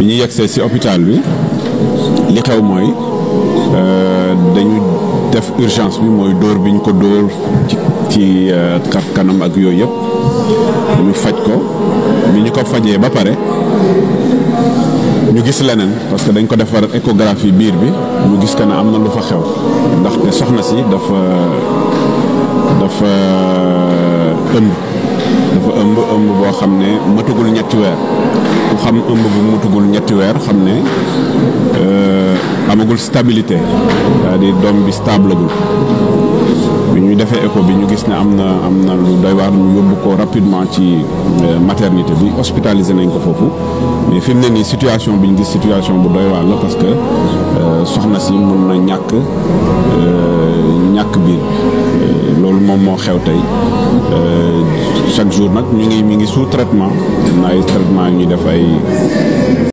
bi ñu yegsee si hôpital bi li xew mooy euh, dañu def urgence bi mooy dóor bi ñu ko dóor ci ci euh, kar kanam ak yooyu yëpp ñu faj ko bi ñu ko fajee ba pare ñu gis leneen parce que dañ ko defar échographie biir bi mu gis que ne am na lu fa xew ndaxte soxna si dafa dafa euh, ëmb dafa ëmb ëmb boo xam ne matugul ñettiweer ku xam ëmb bu matugul ñetti weer xam ne euh, amagul stabilité c'est-à-dire doom bi stable gul bi ñuy defee éco bi ñu gis ne am na am na lu doy waar ñu yóbbu ko rapidement ci euh, maternité bi hospitalisé nañ ko foofu mais fim mu ne nii situation bi ñu gis situation bu doy waar la parce que euh, soxna si mun na ñàkk ñàkk bi loolu moom moo xew tey chaque jour nag mi ngi mi ngi sous traitement am traitement yu ñuy def ay